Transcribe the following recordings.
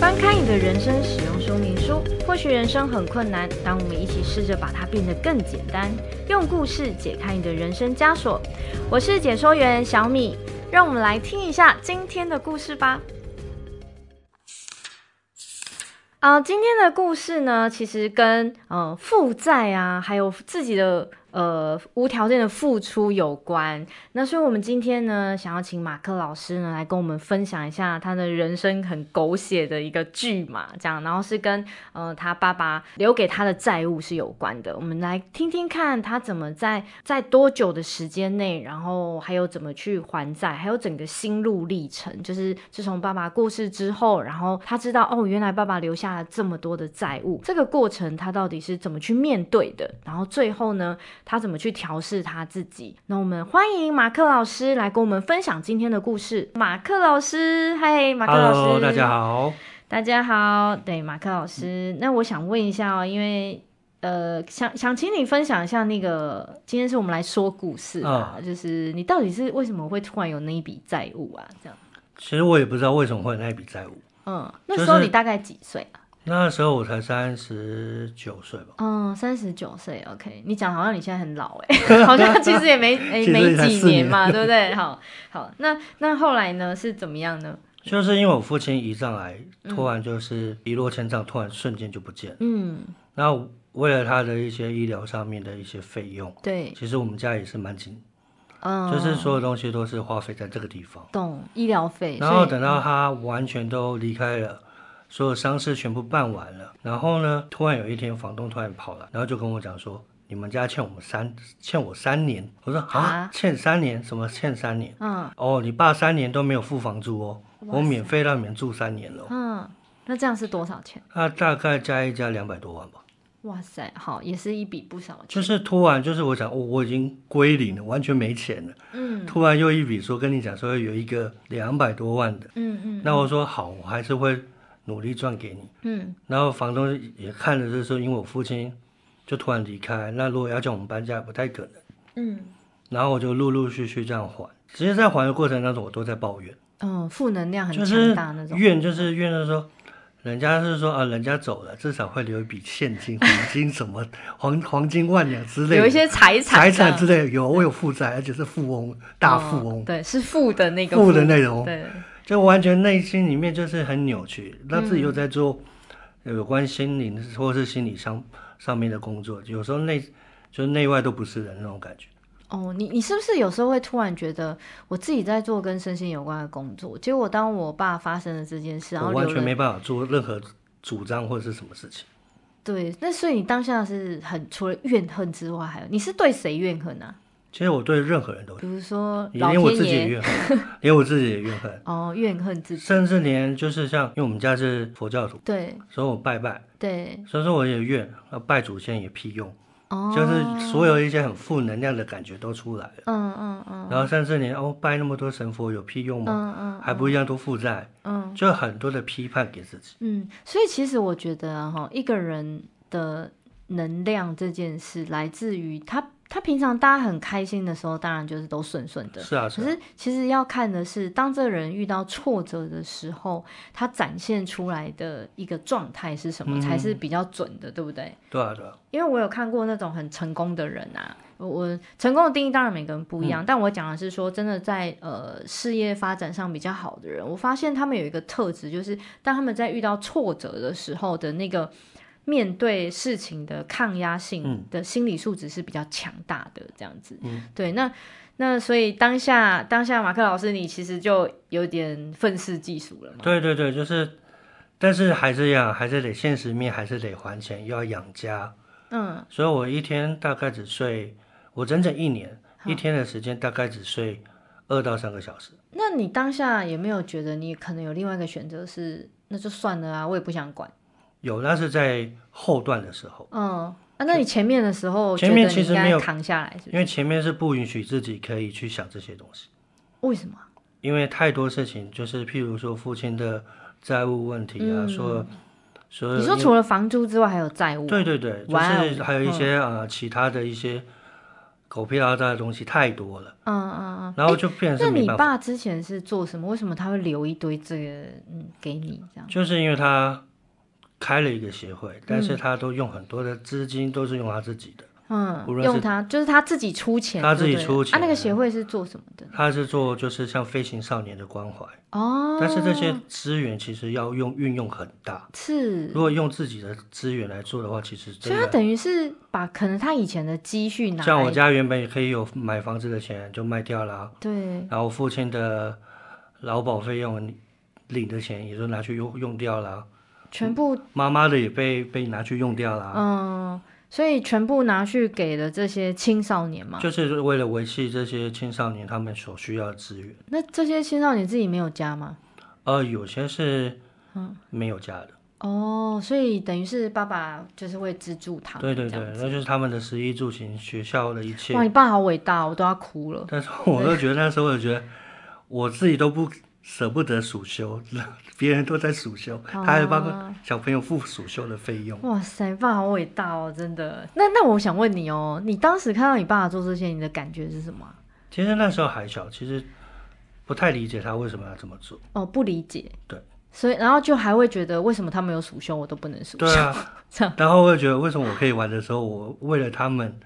翻開你的人生使用說明書，或許人生很困難，當我們一起試着把它變得更簡單，用故事解開你的人生枷鎖。我是解說員小米，讓我們來聽一下今天的故事吧。啊、呃，今天的故事呢，其實跟呃負債啊，還有自己的。呃，無條件的付出有關。那所以，我們今天呢，想要請馬克老師呢來跟我們分享一下他的人生很狗血的一個劇嘛，這樣。然後是跟呃他爸爸留給他的債務是有關的。我們來聽聽看他怎麼在在多久的時間內，然後還有怎麼去還債，還有整個心路歷程。就是自從爸爸過世之後，然後他知道哦，原來爸爸留下了這麼多的債務。這個過程他到底是怎麼去面對的？然後最後呢？他怎麼去調試他自己？那我們歡迎馬克老師來跟我們分享今天的故事。馬克老師，嗨，馬克老師，Hello, 大家好，大家好，對，馬克老師。嗯，那我想問一下哦，因為呃，想想請你分享一下那個，今天是我們來說故事啊，嗯，就是你到底是為什麼會突然有那一筆債務啊？這樣。其實我也不知道為什麼會有那一筆債務。嗯，那時候你大概幾歲啊？就是那時候我才三十九歲吧。嗯，三十九歲，OK。你講好像你現在很老哎， 好像其實也沒、欸，其實也、沒幾年嘛，對不對？好，好，那那後來呢是怎麼樣呢？就是因為我父親胰臟癌突然就是一落千丈，嗯，突然瞬間就不見了。嗯，那為了他的一些醫療上面的一些費用，對，其實我們家也是蠻緊，嗯，就是所有東西都是花費在這個地方。懂，醫療費。然後等到他完全都離開了。嗯所有喪事全部辦完了，然後呢？突然有一天，房東突然跑了，然後就跟我講說：“你們家欠我們三，欠我三年。”我說啊：“啊，欠三年？什麼欠三年？”嗯，哦，你爸三年都沒有付房租哦，我免費讓你們住三年了，哦。嗯，那這樣是多少錢？他，啊，大概加一加兩百多萬吧。哇塞，好，也是一筆不少錢。就是突然，就是我想，我，哦，我已經歸零了，完全沒錢了。嗯，突然又一筆說，說跟你講說有一個兩百多萬的。嗯嗯，嗯，那我說好，我還是會。努力賺給你，嗯，然後房東也看着，就是說因為我父親就突然離開，那如果要叫我們搬家，不太可能，嗯，然後我就陸陸續續這樣還，直接在還的過程當中，我都在抱怨，哦，負能量很強大，怨就是怨的是，是說，人家是說啊，人家走了，至少會留一筆現金、黃金什麼， 黃黃金萬兩之類的，有一些財產，財產之類的有，我有負債，而且是富翁，大富翁，哦、對，是負的那個負，負的那種。對。就完全內心裡面就是很扭曲，那自己又在做有關心靈或是心理上、嗯、上面的工作，有時候內就內外都不是人那種感覺。哦，你你是不是有時候會突然覺得我自己在做跟身心有關的工作，結果當我爸發生了這件事，我完全沒辦法做任何主張或者是什麼事情。對，那所以你當下是很除了怨恨之外，還有你是對誰怨恨啊？其實我對任何人都，比如說連我自己也怨恨。 連我自己也怨恨 哦，怨恨自己，甚至連就是像，因為我們家是佛教徒，對，所以我拜拜，對，所以說我也怨，拜祖先也屁用。哦，就是所有一些很負能量的感覺都出來了，嗯嗯嗯，然後甚至連哦拜那麼多神佛有屁用嗎？嗯嗯，還不一樣都負債，嗯，就很多的批判給自己，嗯，所以其實我覺得哈、啊，一個人的能量這件事來自於他。他平常大家很開心的時候，當然就是都順順的。是啊。是啊，可是其實要看的是，當這個人遇到挫折的時候，他展現出來的一個狀態是什麼、嗯，才是比較準的，對不對、嗯？對啊，對啊。因為我有看過那種很成功的人啊，我，我成功的定義當然每個人不一樣，嗯、但我講的是說，真的在呃事業發展上比較好的人，我發現他們有一個特質，就是當他們在遇到挫折的時候的那個。面對事情的抗壓性的心理素質是比較強大的，這樣子嗯，嗯，對。那那所以當下當下馬克老師，你其實就有點憤世嫉俗了嘛。對對對，就是，但是還這樣，還是得現實面，還是得還錢，又要養家，嗯。所以我一天大概只睡，我整整一年、哦、一天的時間大概只睡二到三個小時。那你當下也沒有覺得你可能有另外一個選擇是，那就算了啊，我也不想管。有，那是在後段的時候。嗯，啊、那你前面的時候你是是，前面其實沒有扛下來，是因為前面是不允許自己可以去想這些東西。為什麼？因為太多事情，就是譬如說父親的債務問題啊，嗯、說，說。你說除了房租之外，還有債務、啊？對對對，就是還有一些啊、嗯呃，其他的一些狗屁倒灶的東西太多了。嗯嗯嗯。然後就變成、欸、那你爸之前是做什麼？為什麼他會留一堆這個嗯給你這樣？就是因為他。開了一個協會，但是他都用很多的資金，嗯、都是用他自己的。嗯，無論是用他就是他自己出錢。他自己出錢。他、啊、那個協會是做什麼的？他是做就是像飛行少年的關懷。哦。但是這些資源其實要用運用很大。是。如果用自己的資源來做的話，其實。所以，他等於是把可能他以前的積蓄拿。像我家原本也可以有買房子的錢，就賣掉了。對。然後父親的勞保費用領的錢，也都拿去用用掉了。全部、嗯、媽媽的也被被拿去用掉了、啊，嗯，所以全部拿去給了這些青少年嘛，就是為了維繫這些青少年他們所需要的資源。那這些青少年自己沒有家嗎？呃，有些是嗯沒有家的、嗯。哦，所以等於是爸爸就是會資助他，對對對，那就是他們的食衣住行、學校的一切。哇，你爸好偉大、哦，我都要哭了。但是我都覺得那時候我覺得我自己都不。捨不得暑修，別人都在暑修、啊，他還幫小朋友付暑修的費用。哇塞，你爸好偉大哦，真的。那那我想問你哦，你當時看到你爸爸做這些，你的感覺是什麼、啊？其實那時候還小，其實不太理解他為什麼要這麼做。哦，不理解。對。所以，然後就還會覺得為什麼他沒有暑修，我都不能暑修。對啊。 然後我又覺得為什麼我可以玩的時候，我為了他們，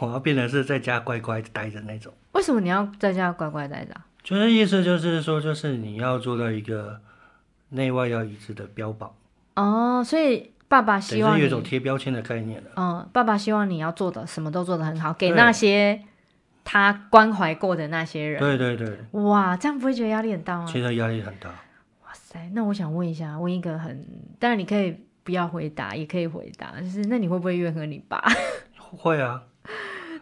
我要變成是在家乖乖待着那種。為什麼你要在家乖乖待着？就是意思就是說，就是你要做到一個內外要一致的標榜哦，所以爸爸希望是有一種貼標籤的概念了。嗯，爸爸希望你要做的什麼都做的很好，給那些他關懷過的那些人。對，對對對，哇，這樣不會覺得壓力很大嗎？其實壓力很大。哇塞，那我想問一下，問一個很當然你可以不要回答，也可以回答，就是那你會不會怨恨你爸？ 會啊，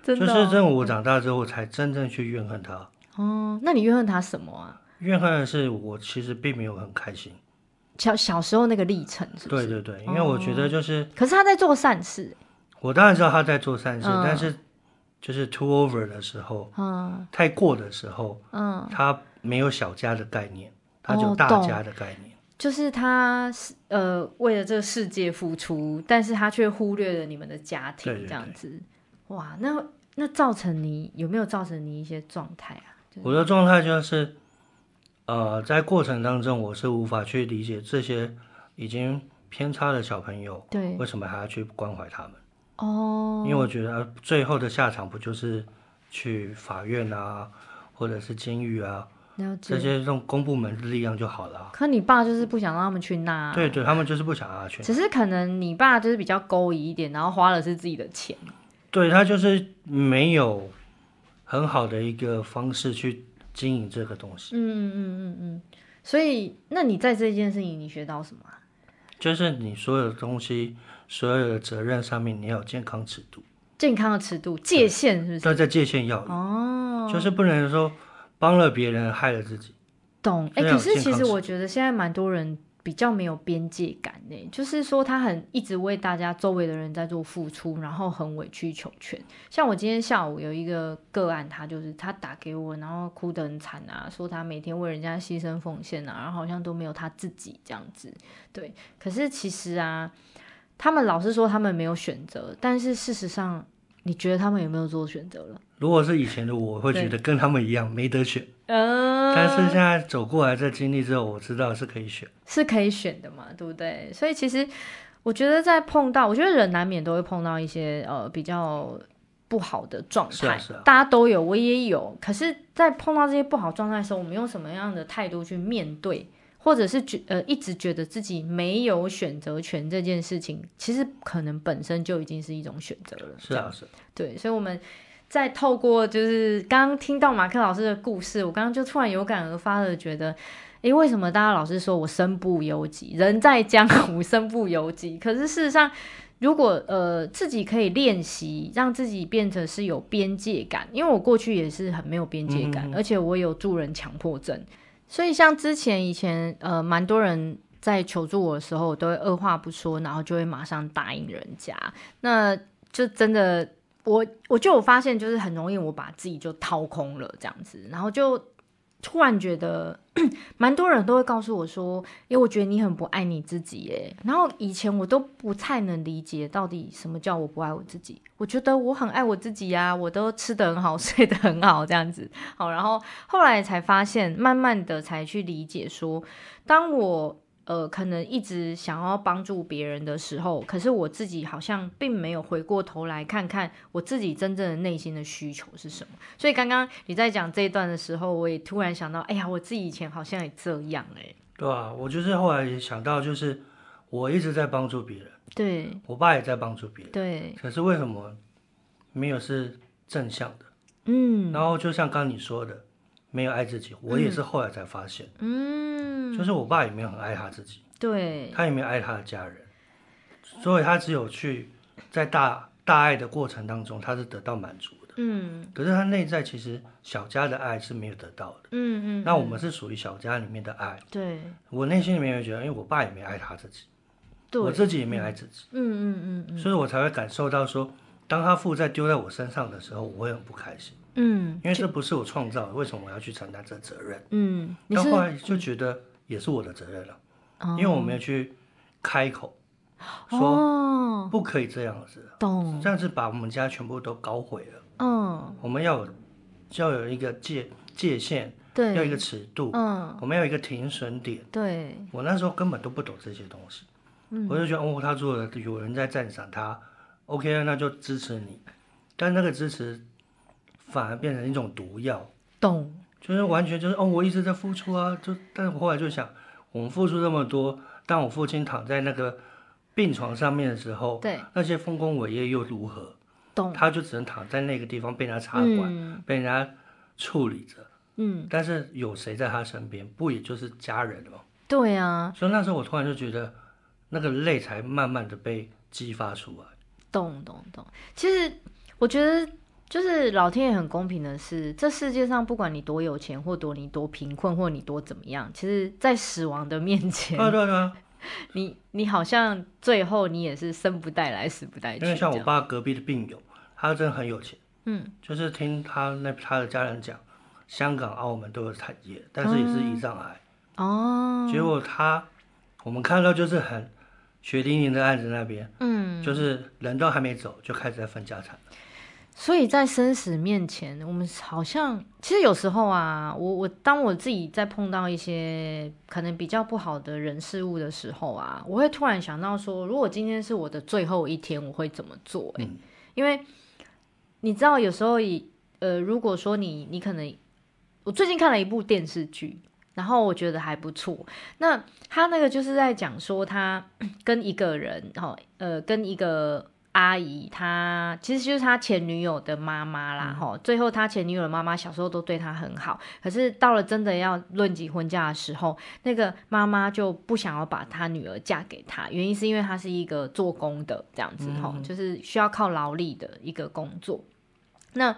真的哦，就是在我長大之後才真正去怨恨他。哦，那你怨恨他什麼啊？怨恨的是我，其實並沒有很開心。嗯、小小時候那個歷程是是，對對對，因為我覺得就是。哦、可是他在做善事。我當然知道他在做善事，嗯、但是就是 too over 的時候，嗯，太過的時候，嗯，他沒有小家的概念，他就大家的概念，哦、就是他呃為了這個世界付出，但是他卻忽略了你們的家庭這樣子。對對對，哇，那那造成你有沒有造成你一些狀態啊？我的狀態就是，呃，在過程當中，我是無法去理解這些已經偏差的小朋友，對，為什麼還要去關懷他們？哦、oh.，因為我覺得最後的下場不就是去法院啊，或者是監獄啊，這些這種公部門的力量就好了、啊。可你爸就是不想讓他們去那、啊，對對，他們就是不想讓他去。只是可能你爸就是比較勾引一點，然後花的是自己的錢。對他就是沒有。很好的一個方式去經營這個東西。嗯嗯嗯嗯，所以那你在這件事情你學到什麼、啊？就是你所有的東西、所有的責任上面，你要有健康尺度。健康的尺度、界限是不是？那在界限要哦，就是不能說幫了別人害了自己。懂哎、欸，可是其實我覺得現在蠻多人。比較沒有邊界感呢、欸，就是說他很一直為大家周圍的人在做付出，然後很委曲求全。像我今天下午有一個個案，他就是他打給我，然後哭得很慘啊，說他每天為人家犧牲奉獻啊，然後好像都沒有他自己這樣子。對，可是其實啊，他們老是說他們沒有選擇，但是事實上。你覺得他們有沒有做選擇了？如果是以前的我，會覺得跟他們一樣沒得選。嗯、呃。但是現在走過來，在經歷之後，我知道是可以選，是可以選的嘛，對不對？所以其實我覺得在碰到，我覺得人難免都會碰到一些呃比較不好的狀態，啊啊，大家都有，我也有。可是，在碰到這些不好狀態的時候，我們用什麼樣的態度去面對？或者是覺呃一直覺得自己沒有選擇權這件事情，其實可能本身就已經是一種選擇了這樣。是啊，是。對，所以我們在透過就是剛剛聽到馬克老師的故事，我剛剛就突然有感而發的覺得，誒，為什麼大家老是說我身不由己，人在江湖身不由己？ 可是事實上，如果呃自己可以練習，讓自己變成是有邊界感，因為我過去也是很沒有邊界感，嗯、而且我有助人強迫症。所以，像之前以前，呃，蠻多人在求助我的時候，我都會二話不說，然後就會馬上答應人家。那就真的，我我就有發現，就是很容易我把自己就掏空了這樣子，然後就。突然覺得，蠻 多人都會告訴我說，哎，我覺得你很不愛你自己耶。然後以前我都不太能理解到底什麼叫我不愛我自己。我覺得我很愛我自己呀，我都吃得很好，睡得很好，這樣子。好，然後後來才發現，慢慢的才去理解說，當我。呃，可能一直想要幫助別人的時候，可是我自己好像並沒有回過頭來看看我自己真正的內心的需求是什麼？所以剛剛你在講這一段的時候，我也突然想到，哎呀，我自己以前好像也這樣哎、欸。對啊，我就是後來想到，就是我一直在幫助別人，對，我爸也在幫助別人，對。可是為什麼沒有是正向的？嗯，然後就像剛你說的。沒有愛自己、嗯，我也是後來才發現。嗯，就是我爸也沒有很愛他自己，對，他也沒有愛他的家人，所以他只有去在大大愛的過程當中，他是得到滿足的。嗯，可是他內在其實小家的愛是沒有得到的。嗯嗯。那我們是屬於小家裡面的愛。對、嗯。我內心裡面會覺得，因為我爸也沒有愛他自己，對，我自己也沒有愛自己。嗯嗯嗯嗯。所以我才會感受到說。當他負債丟在我身上的時候，我會很不開心。嗯，因為這不是我創造的，為什麼我要去承擔這責任？嗯，但後來就覺得也是我的責任了，嗯、因為我沒有去開口、嗯、說不可以這樣子，哦、這樣子把我們家全部都搞毀了。嗯，我們要有要有一個界界限，對、要一個尺度。嗯，我們要一個停損點。對，我那時候根本都不懂這些東西，嗯、我就覺得哦，他做了，有人在讚賞他。OK，那就支持你，但那個支持反而變成一種毒藥。懂，就是完全就是，哦，我一直在付出啊，就，但是後來就想，我們付出這麼多，當我父親躺在那個病床上面的時候，對，那些豐功偉業又如何？懂，他就只能躺在那個地方被人家插管，嗯、被人家處理着。嗯，但是有誰在他身邊？不也就是家人嗎、喔？對啊，所以那時候我突然就覺得，那個淚才慢慢的被激發出來。懂懂懂，其實我覺得就是老天爺很公平的是，是這世界上不管你多有錢，或多你多貧困，或你多怎麼樣，其實，在死亡的面前，啊、對對、啊、 你你好像最後你也是生不帶來，死不帶去。因為像我爸隔壁的病友，他真的很有錢，嗯，就是聽他那他的家人講，香港、澳門都有產業，但是也是胰臟癌，哦、嗯，結果他、哦、我們看到就是很。血淋淋的案子那邊，嗯，就是人都還沒走，就開始在分家產了。所以在生死面前，我們好像其實有時候啊，我我當我自己在碰到一些可能比較不好的人事物的時候啊，我會突然想到說，如果今天是我的最後一天，我會怎麼做、欸？嗯，因為你知道，有時候以呃，如果說你你可能，我最近看了一部電視劇。然後我覺得還不錯。那他那個就是在講說，他跟一個人，哦，呃，跟一個阿姨，他其實就是他前女友的媽媽啦、嗯，最後他前女友的媽媽小時候都對他很好，可是到了真的要論及婚嫁的時候，那個媽媽就不想要把他女兒嫁給他，原因是因為他是一個做工的這樣子，嗯、就是需要靠勞力的一個工作。那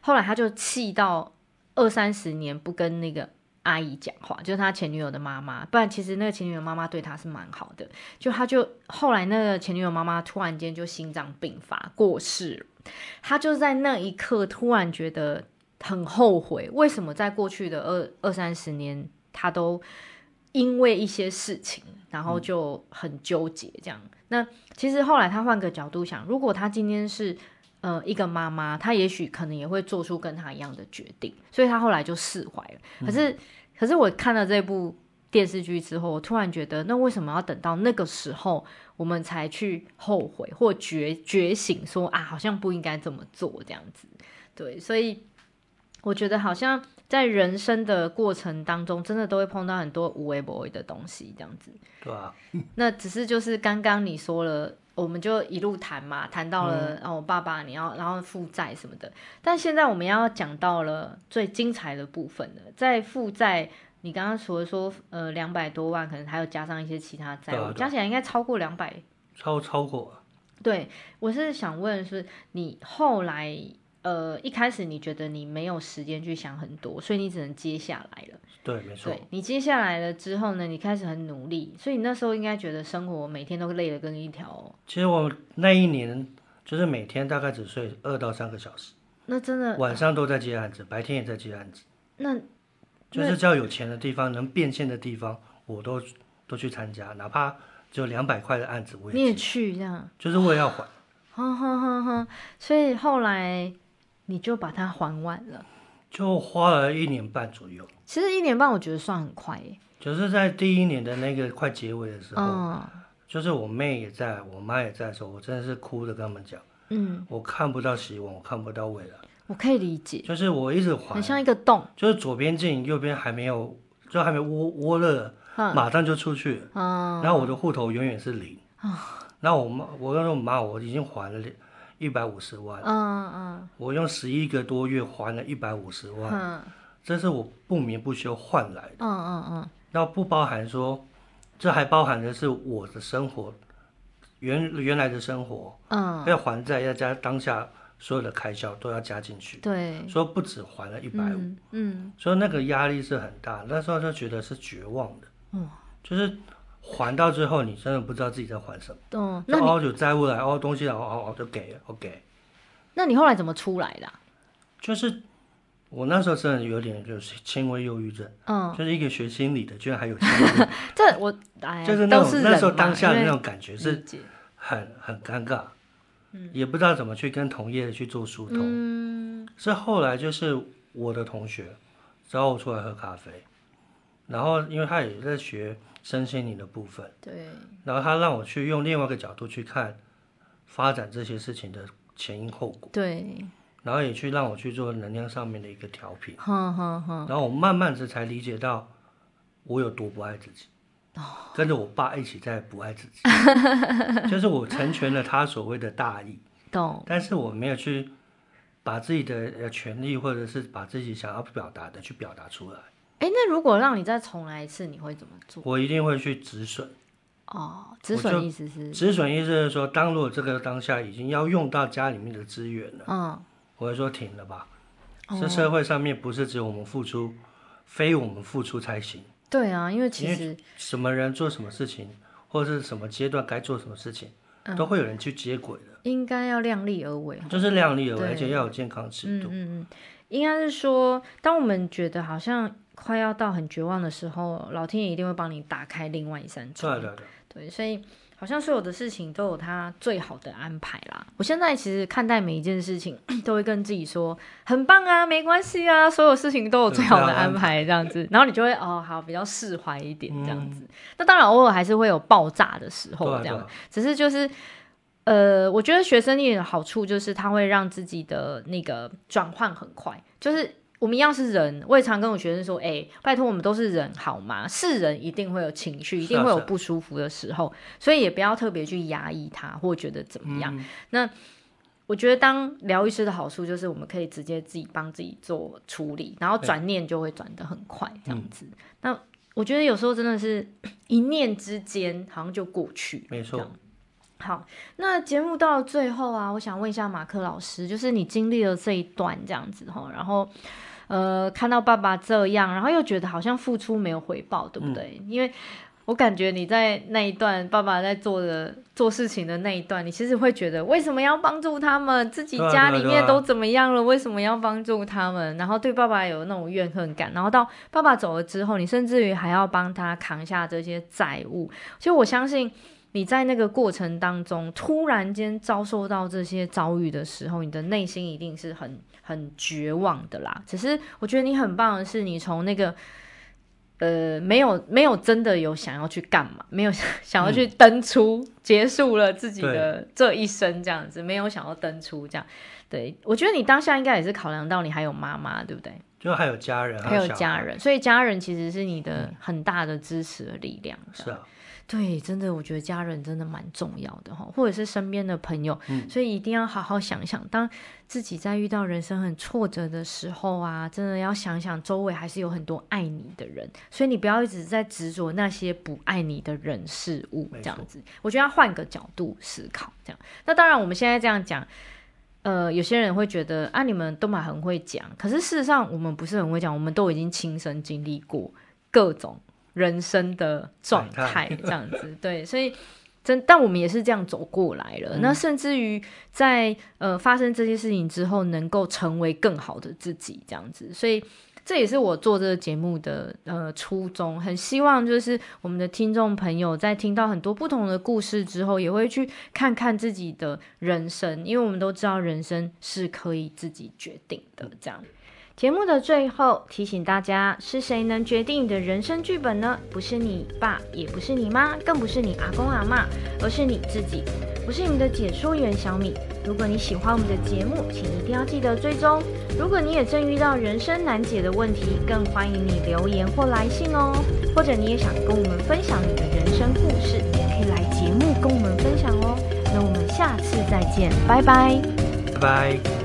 後來他就氣到二三十年不跟那個。阿姨講話，就是他前女友的媽媽。不然，其實那個前女友媽媽對他是蠻好的。就他，就後來那個前女友媽媽突然間就心臟病發過世了，他就在那一刻突然覺得很後悔，為什麼在過去的二二三十年他都因為一些事情，然後就很糾結這樣。嗯。那其實後來他換個角度想，如果他今天是。呃，一個媽媽，她也許可能也會做出跟她一樣的決定，所以她後來就釋懷了、嗯。可是，可是我看了這部電視劇之後，我突然覺得，那為什麼要等到那個時候我們才去後悔或覺覺醒說，說啊，好像不應該這麼做這樣子？對，所以我覺得好像在人生的過程當中，真的都會碰到很多無謂的東西這樣子。對、嗯、啊，那只是就是剛剛你說了。我們就一路談嘛，談到了然後、哦、爸爸你要然後負債什麼的、嗯，但現在我們要講到了最精彩的部分了，在負債，你剛剛說的說呃兩百多萬，可能還要加上一些其他債務，對對對，加起來應該超過兩百，超超過啊？對，我是想問是，是你後來。呃，一開始你覺得你沒有時間去想很多，所以你只能接下來了。對，沒錯。你接下來了之後呢，你開始很努力，所以你那時候應該覺得生活每天都累得跟一條、哦。其實我那一年就是每天大概只睡二到三個小時。那真的晚上都在接案子、呃，白天也在接案子。那就是只要有錢的地方，能變現的地方，我都都去參加，哪怕只有兩百塊的案子，我也去。你也去這樣？就是為了要還。所以後來。你就把它還完了，就花了一年半左右。其實一年半我覺得算很快耶，就是在第一年的那個快結尾的時候，嗯、就是我妹也在，我媽也在的時候，我真的是哭着跟他們講，嗯，我看不到希望，我看不到未來。我可以理解，就是我一直還，很像一個洞，就是左邊進，右邊還沒有，就還沒窩窩熱，馬上就出去、嗯，然後我的戶頭永遠是零。那、嗯、我媽，我跟我媽，我已經還了。一百五十萬、嗯嗯嗯，我用十一個多月還了一百五十萬、嗯，這是我不眠不休換來的、嗯嗯嗯，那不包含說，這還包含的是我的生活，原原來的生活，要、嗯、還債要加當下所有的開銷都要加進去，對、嗯，所以不止還了一百五，嗯，所以那個壓力是很大，那時候就覺得是絕望的，就是。還到最後，你真的不知道自己在還什麼。然、嗯、後、哦、有債務來然後、哦、東西來、哦哦、了，然後就給，我給。那你後來怎麼出來的、啊？就是我那時候真的有點就是輕微憂鬱症、嗯。就是一個學心理的，居然還有。嗯、 這我哎呀。就是那種是那時候當下的那種感覺是很，很很尷尬、嗯，也不知道怎麼去跟同業的去做疏通。是、嗯、後來就是我的同學找我出來喝咖啡。然後，因為他也在學身心靈的部分，對。然後他讓我去用另外一個角度去看，發展這些事情的前因後果。對。然後也去讓我去做能量上面的一個調頻，嗯嗯嗯。然後我慢慢的才理解到，我有多不愛自己，哦，跟着我爸一起在不愛自己。哈哈哈。就是我成全了他所謂的大義。懂。但是我沒有去，把自己的權利或者是把自己想要表達的去表達出來。哎、欸，那如果讓你再重來一次，你會怎麼做？我一定會去止損。哦，止損，止損意思是？止損意思是說，當如果這個當下已經要用到家裡面的資源了，嗯、哦，我會說停了吧、哦。這社會上面不是只有我們付出、嗯，非我們付出才行。對啊，因為其實因為什麼人做什麼事情，或者是什麼階段該做什麼事情、嗯，都會有人去接軌的。應該要量力而為。就是量力而為，而且要有健康尺度。嗯嗯嗯，應該是說，當我們覺得好像。快要到很絕望的時候，老天爺一定會幫你打開另外一扇窗。對對對，對，所以好像所有的事情都有他最好的安排啦。我現在其實看待每一件事情，都會跟自己說很棒啊，沒關係啊，所有事情都有最好的安排這樣，這樣子，然後你就會哦，好，比較釋懷一點、嗯、這樣子。那當然偶爾還是會有爆炸的時候，對對這樣，只是就是呃，我覺得學生運的好處就是它會讓自己的那個轉換很快，就是。我們一樣是人，我也常跟我學生說：“哎、欸，拜託，我們都是人，好嗎？是人，一定會有情緒，一定會有不舒服的時候，是啊是啊，所以也不要特別去壓抑他，或覺得怎麼樣。嗯”那我覺得當療癒師的好處就是，我們可以直接自己幫自己做處理，然後轉念就會轉得很快，這樣子。欸嗯、那我覺得有時候真的是一念之間，好像就過去，沒錯。好，那節目到了最後啊，我想問一下馬克老師，就是你經歷了這一段這樣子哈，然後。呃，看到爸爸這樣，然後又覺得好像付出沒有回報，對不對？嗯、因為我感覺你在那一段爸爸在做的做事情的那一段，你其實會覺得為什麼要幫助他們？自己家裡面都怎麼樣了、對啊對啊對啊。為什麼要幫助他們？然後對爸爸有那種怨恨感。然後到爸爸走了之後，你甚至於還要幫他扛下這些債務。其實我相信。你在那個過程當中，突然間遭受到這些遭遇的時候，你的內心一定是很很絕望的啦。只是我覺得你很棒的是，你從那個呃，沒有沒有真的有想要去幹嘛，沒有想要去登出、嗯、結束了自己的這一生這樣子，沒有想要登出這樣。對，我覺得你當下應該也是考量到你還有媽媽，對不對？就還有家人，還有，還有家人，所以家人其實是你的很大的支持的力量、嗯。是啊。對，真的，我覺得家人真的蠻重要的哈、哦，或者是身邊的朋友、嗯，所以一定要好好想想。當自己在遇到人生很挫折的時候啊，真的要想想，周圍還是有很多愛你的人，所以你不要一直在執着那些不愛你的人事物這樣子。我覺得要換個角度思考，這樣。那當然，我們現在這樣講，呃，有些人會覺得啊，你們都蠻很會講，可是事實上，我們不是很會講，我們都已經親身經歷過各種。人生的狀態這樣子，對，所以真但我們也是這樣走過來了。 那甚至於在呃發生這些事情之後，能夠成為更好的自己這樣子。所以這也是我做這個節目的呃初衷，很希望就是我們的聽眾朋友在聽到很多不同的故事之後，也會去看看自己的人生，因為我們都知道人生是可以自己決定的這樣。節目的最後提醒大家：是誰能決定你的人生劇本呢？不是你爸，也不是你媽，更不是你阿公阿嬤，而是你自己。我是你們的解說員小米。如果你喜歡我們的節目，請一定要記得追蹤。如果你也正遇到人生難解的問題，更歡迎你留言或來信哦。或者你也想跟我們分享你的人生故事，也可以來節目跟我們分享哦。那我們下次再見，拜拜，拜拜。